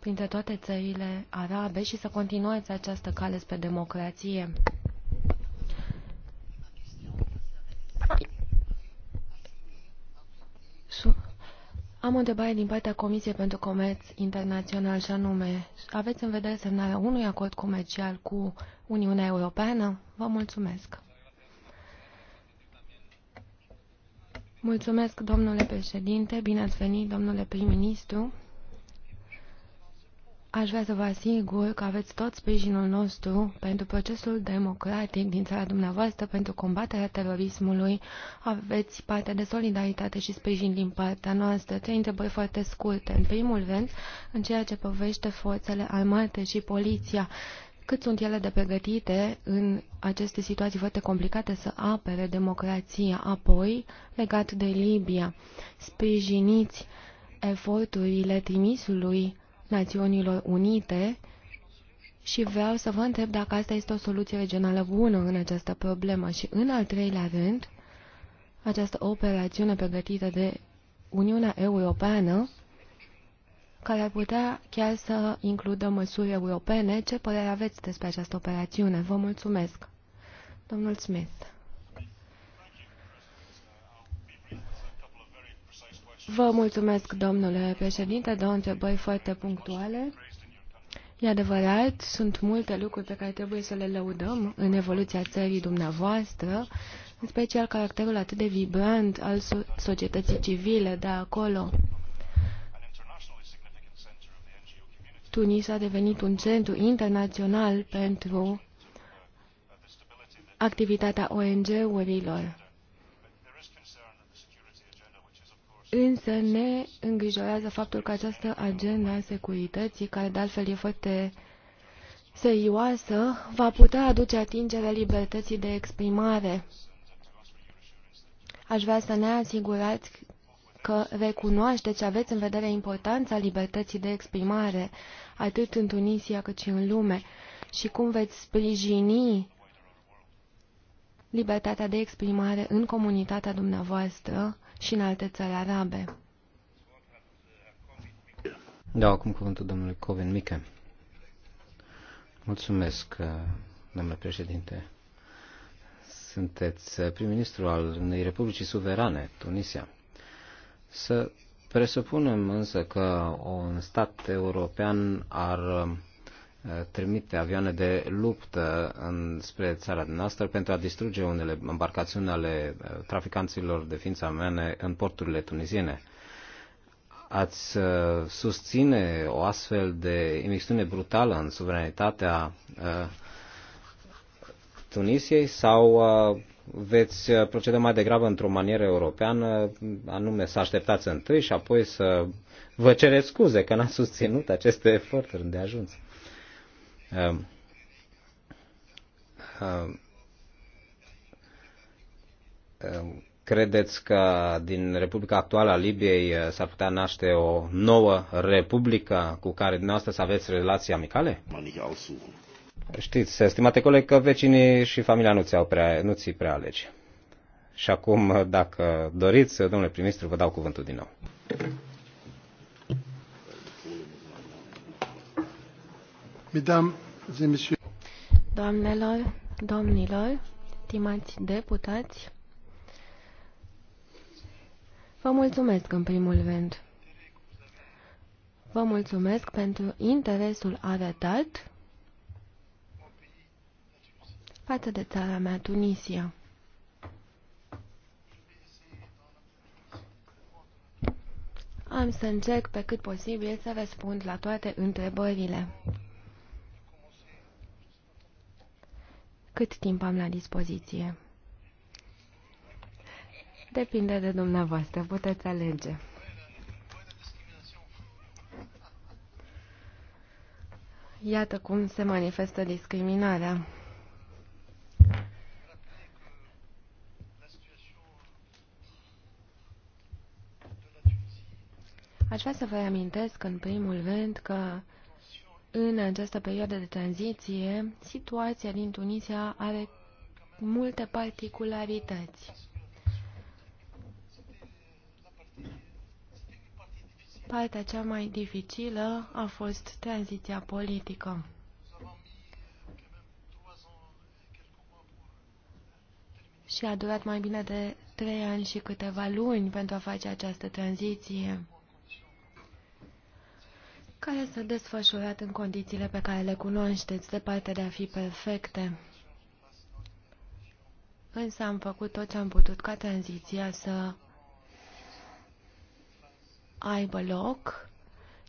printre toate țările arabe și să continuați această cale spre democrație. Am o întrebare din partea Comisiei pentru Comerț Internațional și anume, aveți în vedere semnarea unui acord comercial cu Uniunea Europeană? Vă mulțumesc! Mulțumesc, domnule președinte, bine ați venit, domnule prim-ministru. Aș vrea să vă asigur că aveți tot sprijinul nostru pentru procesul democratic din țara dumneavoastră, pentru combaterea terorismului. Aveți parte de solidaritate și sprijin din partea noastră. Trei întrebări foarte scurte. În primul rând, în ceea ce povește forțele armate și poliția, cât sunt ele de pregătite în aceste situații foarte complicate să apere democrația. Apoi, legat de Libia, sprijiniți eforturile trimisului Națiunilor Unite și vreau să vă întreb dacă asta este o soluție regională bună în această problemă. Și în al treilea rând, această operațiune pregătită de Uniunea Europeană, care ar putea chiar să includă măsuri europene, ce părere aveți despre această operațiune? Vă mulțumesc. Domnul Smith. Vă mulțumesc, domnule președinte, două întrebări foarte punctuale. E adevărat, sunt multe lucruri pe care trebuie să le lăudăm în evoluția țării dumneavoastră, în special caracterul atât de vibrant al societății civile de acolo. Tunis a devenit un centru internațional pentru activitatea ONG-urilor. Însă ne îngrijorează faptul că această agenda a securității, care de altfel e foarte serioasă, va putea aduce atingere libertății de exprimare. Aș vrea să ne asigurați că recunoașteți, aveți în vedere importanța libertății de exprimare, atât în Tunisia cât și în lume, și cum veți sprijini libertatea de exprimare în comunitatea dumneavoastră, și în alte țări arabe. Da, acum cuvântul domnului Coven Mică. Mulțumesc, uh, domnule președinte. Sunteți uh, prim-ministru al unei republicii suverane, Tunisia. Să presupunem însă că un stat european ar uh, Uh, trimite avioane de luptă în, spre țara noastră pentru a distruge unele embarcațiuni ale uh, traficanților de ființe umane în porturile tuniziene. Ați uh, susține o astfel de imixtiune brutală în suveranitatea Tunisiei sau veți proceda mai degrabă într-o manieră europeană, anume să așteptați întâi și apoi să vă cereți scuze că n-ați susținut aceste eforturi de ajuns? Um, um, um, credeți că din Republica actuală a Libiei uh, s-ar putea naște o nouă republică cu care dumneavoastră să aveți relații amicale? Știți, stimate coleg, că vecinii și familia nu ți-au prea, nu ți prea alege. Și acum, dacă doriți, domnule prim-ministru, vă dau cuvântul din nou. Doamnelor, domnilor, stimați deputați, vă mulțumesc în primul rând. Vă mulțumesc pentru interesul arătat față de țara mea, Tunisia. Am să încerc pe cât posibil să răspund la toate întrebările. Cât timp am la dispoziție? Depinde de dumneavoastră, puteți alege. Iată cum se manifestă discriminarea. Aș vrea să vă amintesc în primul rând că în această perioadă de tranziție, situația din Tunisia are multe particularități. Partea cea mai dificilă a fost tranziția politică. Și a durat mai bine de trei ani și câteva luni pentru a face această tranziție care s-a desfășurat în condițiile pe care le cunoașteți, departe de a fi perfecte. Însă am făcut tot ce am putut ca tranziția să aibă loc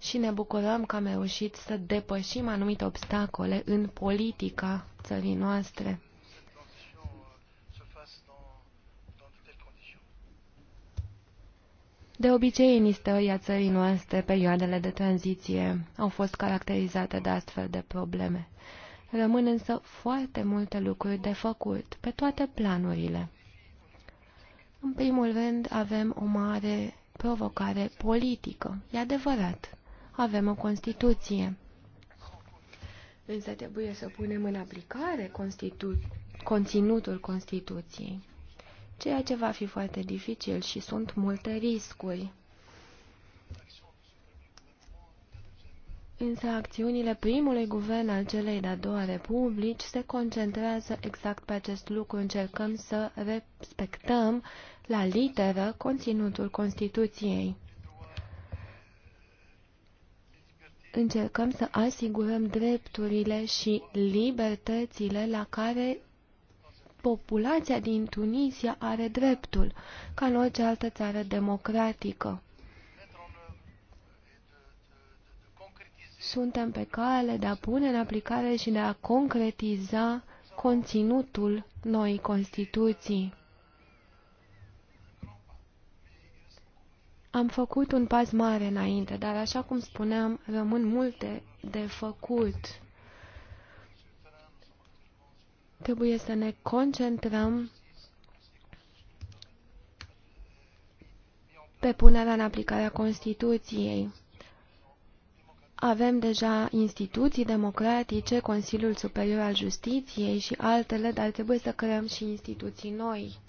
și ne bucurăm că am reușit să depășim anumite obstacole în politica țării noastre. De obicei, în istoria țării noastre, perioadele de tranziție au fost caracterizate de astfel de probleme. Rămân însă foarte multe lucruri de făcut, pe toate planurile. În primul rând, avem o mare provocare politică. E adevărat, avem o Constituție. Însă trebuie să punem în aplicare Constitu conținutul Constituției ceea ce va fi foarte dificil și sunt multe riscuri. Însă acțiunile primului guvern al celei de-a doua republici se concentrează exact pe acest lucru. Încercăm să respectăm la literă conținutul Constituției. Încercăm să asigurăm drepturile și libertățile la care populația din Tunisia are dreptul, ca în orice altă țară democratică. Suntem pe cale de a pune în aplicare și de a concretiza conținutul noii Constituții. Am făcut un pas mare înainte, dar așa cum spuneam, rămân multe de făcut trebuie să ne concentrăm pe punerea în aplicare a Constituției. Avem deja instituții democratice, Consiliul Superior al Justiției și altele, dar trebuie să creăm și instituții noi.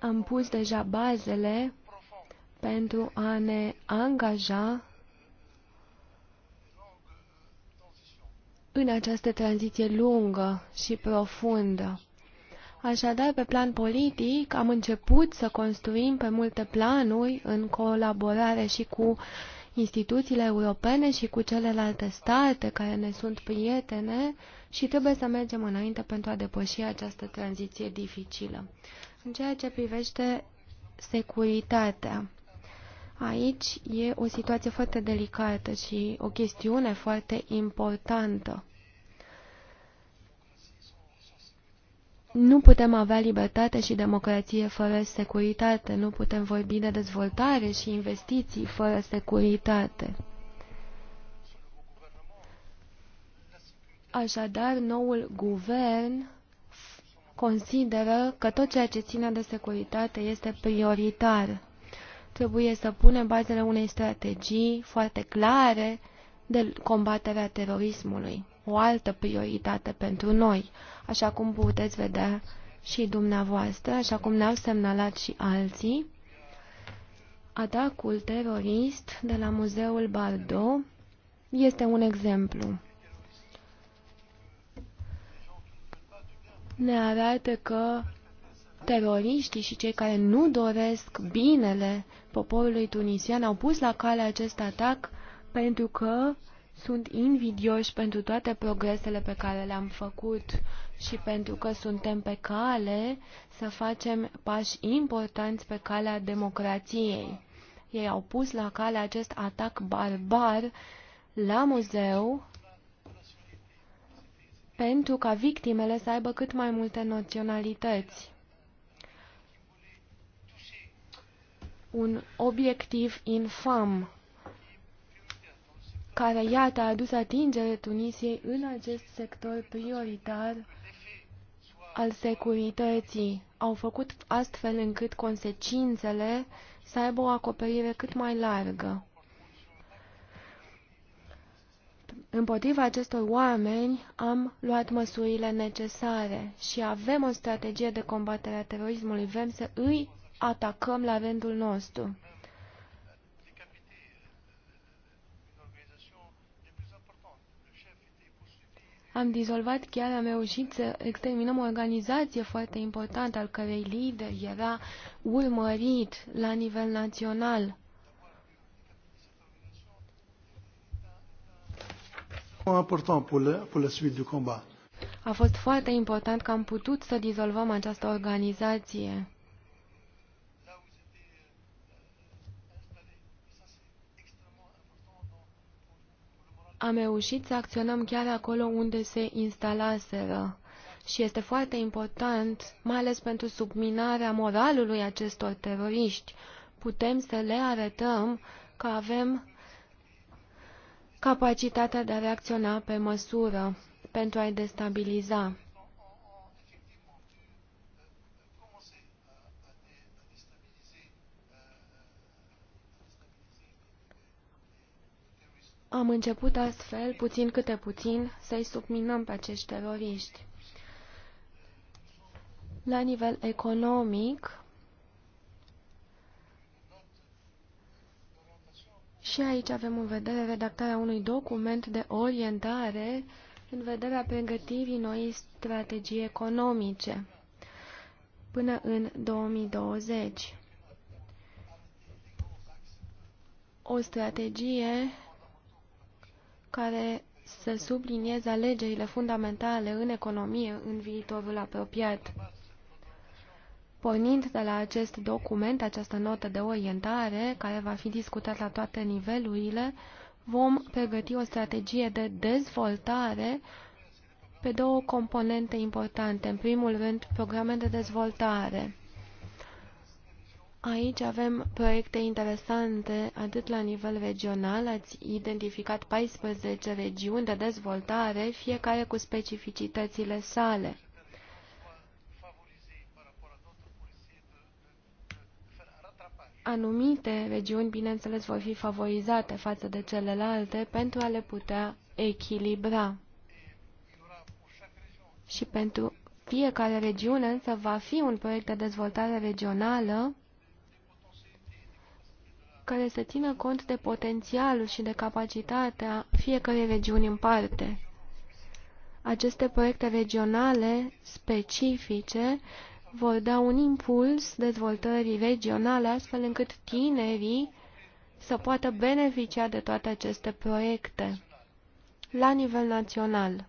Am pus deja bazele pentru a ne angaja în această tranziție lungă și profundă. Așadar, pe plan politic, am început să construim pe multe planuri în colaborare și cu instituțiile europene și cu celelalte state care ne sunt prietene și trebuie să mergem înainte pentru a depăși această tranziție dificilă. În ceea ce privește securitatea, Aici e o situație foarte delicată și o chestiune foarte importantă. Nu putem avea libertate și democrație fără securitate, nu putem vorbi de dezvoltare și investiții fără securitate. Așadar, noul guvern consideră că tot ceea ce ține de securitate este prioritar. Trebuie să punem bazele unei strategii foarte clare de combaterea terorismului, o altă prioritate pentru noi, așa cum puteți vedea și dumneavoastră, așa cum ne-au semnalat și alții. Atacul terorist de la Muzeul Bardo este un exemplu. Ne arată că teroriștii și cei care nu doresc binele poporului tunisian au pus la cale acest atac pentru că sunt invidioși pentru toate progresele pe care le-am făcut și pentru că suntem pe cale să facem pași importanți pe calea democrației. Ei au pus la cale acest atac barbar la muzeu pentru ca victimele să aibă cât mai multe naționalități. un obiectiv infam care, iată, a adus atingere Tunisiei în acest sector prioritar al securității. Au făcut astfel încât consecințele să aibă o acoperire cât mai largă. Împotriva acestor oameni am luat măsurile necesare și avem o strategie de combatere a terorismului. Vrem să îi atacăm la rândul nostru. Am dizolvat chiar, am reușit să exterminăm o organizație foarte importantă al cărei lider era urmărit la nivel național. important combat. A fost foarte important că am putut să dizolvăm această organizație. am reușit să acționăm chiar acolo unde se instalaseră. Și este foarte important, mai ales pentru subminarea moralului acestor teroriști, putem să le arătăm că avem capacitatea de a reacționa pe măsură pentru a-i destabiliza. Am început astfel, puțin câte puțin, să-i subminăm pe acești teroriști. La nivel economic, și aici avem în vedere redactarea unui document de orientare în vederea pregătirii noii strategii economice până în 2020. O strategie care să sublinieze alegerile fundamentale în economie în viitorul apropiat. Pornind de la acest document, această notă de orientare, care va fi discutată la toate nivelurile, vom pregăti o strategie de dezvoltare pe două componente importante. În primul rând, programe de dezvoltare. Aici avem proiecte interesante atât la nivel regional, ați identificat 14 regiuni de dezvoltare, fiecare cu specificitățile sale. Anumite regiuni, bineînțeles, vor fi favorizate față de celelalte pentru a le putea echilibra. Și pentru fiecare regiune însă va fi un proiect de dezvoltare regională care să țină cont de potențialul și de capacitatea fiecărei regiuni în parte. Aceste proiecte regionale specifice vor da un impuls dezvoltării regionale astfel încât tinerii să poată beneficia de toate aceste proiecte la nivel național.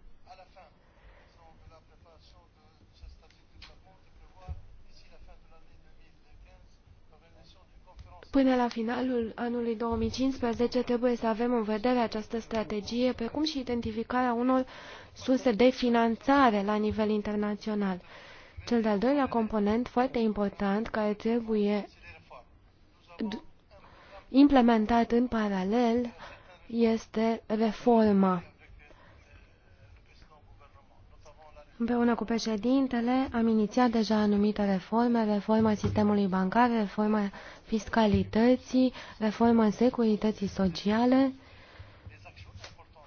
Până la finalul anului 2015 trebuie să avem în vedere această strategie, precum și identificarea unor surse de finanțare la nivel internațional. Cel de-al doilea component foarte important care trebuie implementat în paralel este reforma. Împreună cu președintele am inițiat deja anumite reforme, reforma sistemului bancar, reforma fiscalității, reforma securității sociale.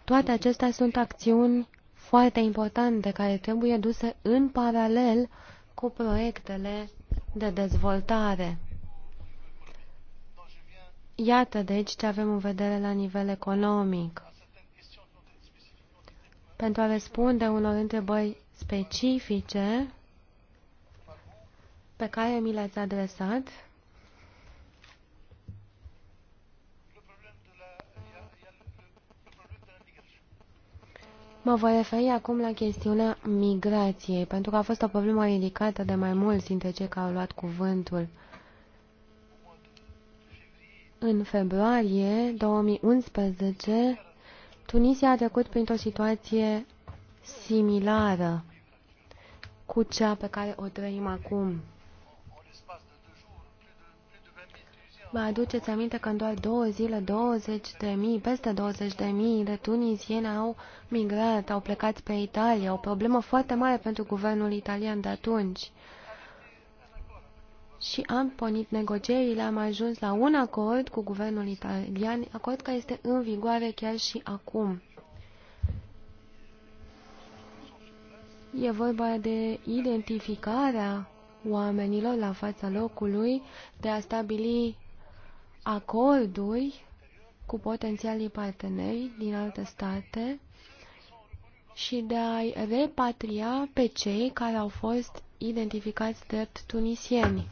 Toate acestea sunt acțiuni foarte importante care trebuie duse în paralel cu proiectele de dezvoltare. Iată deci ce avem în vedere la nivel economic. Pentru a răspunde unor întrebări specifice pe care mi le-ați adresat. Mă voi referi acum la chestiunea migrației, pentru că a fost o problemă ridicată de mai mulți dintre cei care au luat cuvântul. În februarie 2011, Tunisia a trecut printr-o situație similară cu cea pe care o trăim acum. Vă aduceți aminte că în doar două zile, 20 de mii, peste 20 de mii de tunisieni au migrat, au plecat pe Italia, o problemă foarte mare pentru guvernul italian de atunci. Și am pornit negocierile, am ajuns la un acord cu guvernul italian, acord care este în vigoare chiar și acum. E vorba de identificarea oamenilor la fața locului, de a stabili acorduri cu potențialii parteneri din alte state și de a-i repatria pe cei care au fost identificați drept tunisieni.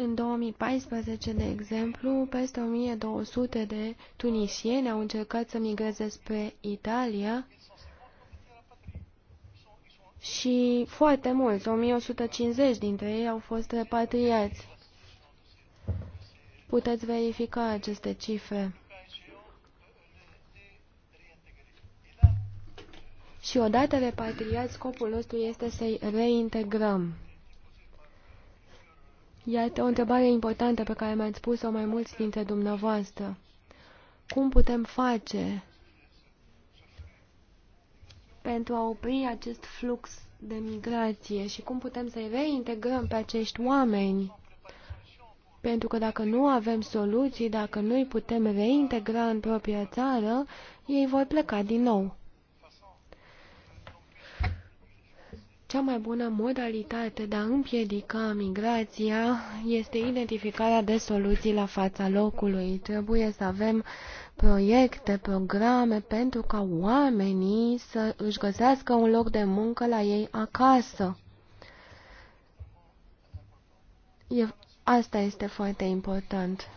În 2014, de exemplu, peste 1200 de tunisieni au încercat să migreze spre Italia și foarte mulți, 1150 dintre ei au fost repatriați. Puteți verifica aceste cifre. Și odată repatriați, scopul nostru este să-i reintegrăm. Iată o întrebare importantă pe care mi-ați spus-o mai mulți dintre dumneavoastră. Cum putem face pentru a opri acest flux de migrație și cum putem să-i reintegrăm pe acești oameni? Pentru că dacă nu avem soluții, dacă nu îi putem reintegra în propria țară, ei vor pleca din nou. Cea mai bună modalitate de a împiedica migrația este identificarea de soluții la fața locului. Trebuie să avem proiecte, programe pentru ca oamenii să își găsească un loc de muncă la ei acasă. E, asta este foarte important.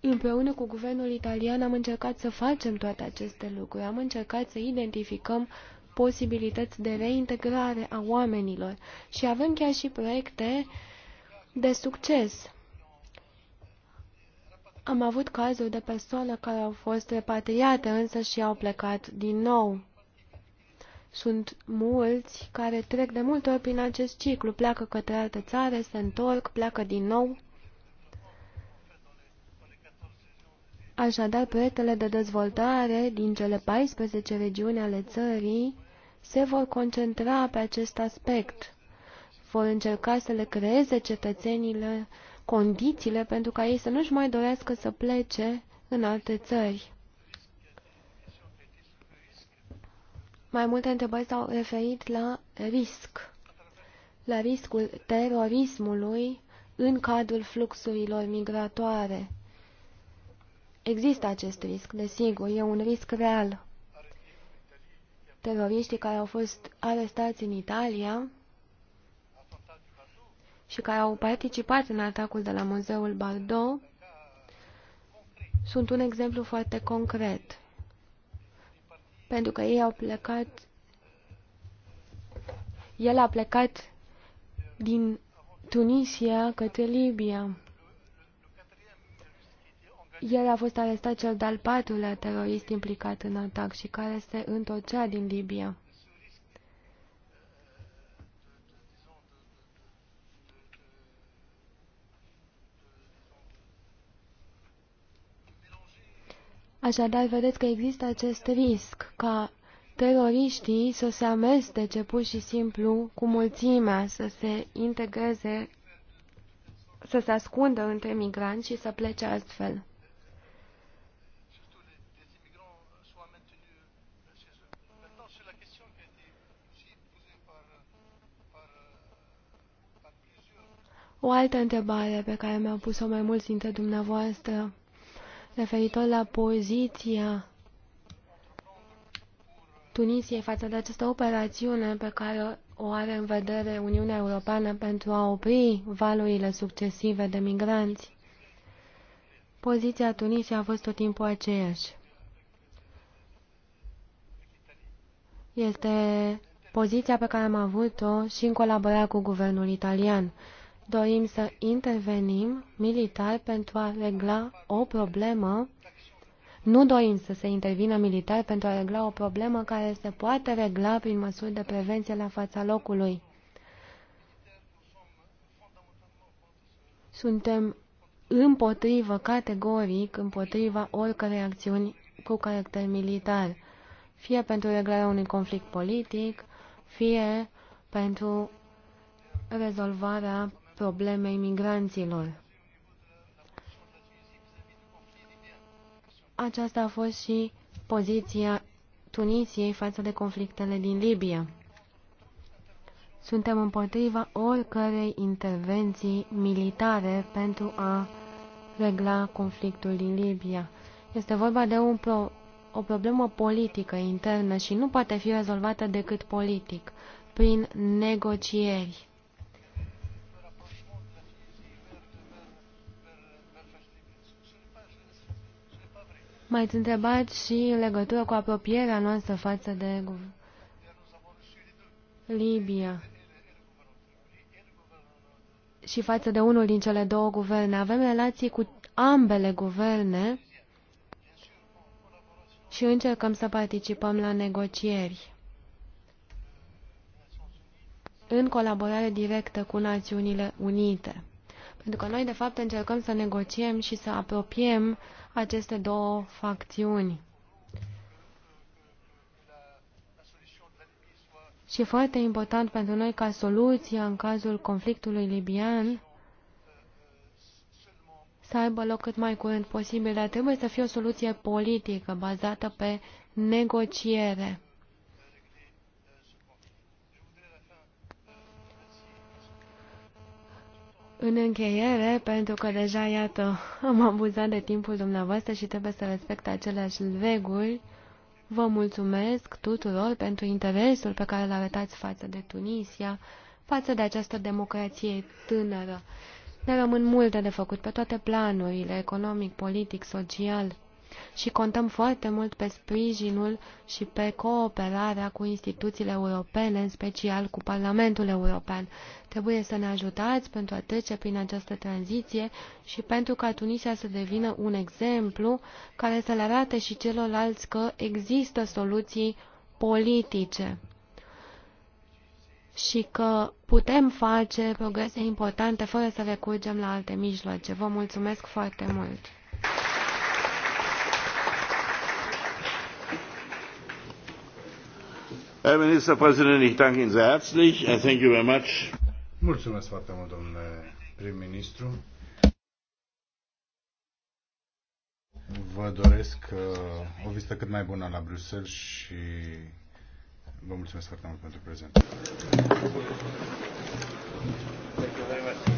Împreună cu guvernul italian am încercat să facem toate aceste lucruri. Am încercat să identificăm posibilități de reintegrare a oamenilor și avem chiar și proiecte de succes. Am avut cazuri de persoane care au fost repatriate, însă și au plecat din nou. Sunt mulți care trec de multe ori prin acest ciclu, pleacă către altă țară, se întorc, pleacă din nou Așadar, proiectele de dezvoltare din cele 14 regiuni ale țării se vor concentra pe acest aspect. Vor încerca să le creeze cetățenile condițiile pentru ca ei să nu-și mai dorească să plece în alte țări. Mai multe întrebări s-au referit la risc, la riscul terorismului în cadrul fluxurilor migratoare. Există acest risc, desigur, e un risc real. Teroriștii care au fost arestați în Italia și care au participat în atacul de la Muzeul Bardo sunt un exemplu foarte concret, pentru că ei au plecat, el a plecat din Tunisia către Libia. El a fost arestat cel de-al patrulea terorist implicat în atac și care se întorcea din Libia. Așadar, vedeți că există acest risc ca teroriștii să se amestece pur și simplu cu mulțimea, să se integreze, să se ascundă între migranți și să plece astfel. O altă întrebare pe care mi-au pus-o mai mulți dintre dumneavoastră referitor la poziția Tunisiei față de această operațiune pe care o are în vedere Uniunea Europeană pentru a opri valurile succesive de migranți. Poziția Tunisiei a fost tot timpul aceeași. Este poziția pe care am avut-o și în colaborare cu guvernul italian dorim să intervenim militar pentru a regla o problemă, nu dorim să se intervină militar pentru a regla o problemă care se poate regla prin măsuri de prevenție la fața locului. Suntem împotrivă, categoric, împotriva oricărei acțiuni cu caracter militar, fie pentru reglarea unui conflict politic, fie pentru rezolvarea problemei migranților. Aceasta a fost și poziția Tunisiei față de conflictele din Libia. Suntem împotriva oricărei intervenții militare pentru a regla conflictul din Libia. Este vorba de un pro o problemă politică internă și nu poate fi rezolvată decât politic, prin negocieri. M-ați întrebat și în legătură cu apropierea noastră față de Libia și față de unul din cele două guverne. Avem relații cu ambele guverne și încercăm să participăm la negocieri în colaborare directă cu Națiunile Unite. Pentru că noi, de fapt, încercăm să negociem și să apropiem aceste două facțiuni. Și e foarte important pentru noi ca soluția în cazul conflictului libian să aibă loc cât mai curând posibil, dar trebuie să fie o soluție politică bazată pe negociere. În încheiere, pentru că deja, iată, am abuzat de timpul dumneavoastră și trebuie să respect aceleași reguli, vă mulțumesc tuturor pentru interesul pe care îl arătați față de Tunisia, față de această democrație tânără. Ne rămân multe de făcut pe toate planurile, economic, politic, social și contăm foarte mult pe sprijinul și pe cooperarea cu instituțiile europene, în special cu Parlamentul European. Trebuie să ne ajutați pentru a trece prin această tranziție și pentru ca Tunisia să devină un exemplu care să le arate și celorlalți că există soluții politice și că putem face progrese importante fără să recurgem la alte mijloace. Vă mulțumesc foarte mult! Herr Ministerpräsident, ich danke Ihnen sehr herzlich. I äh, thank you very much. Mulțumesc foarte mult, domnule prim-ministru. Vă doresc uh, o vizită cât mai bună la Bruxelles și vă mulțumesc foarte mult pentru prezent. Thank you very much.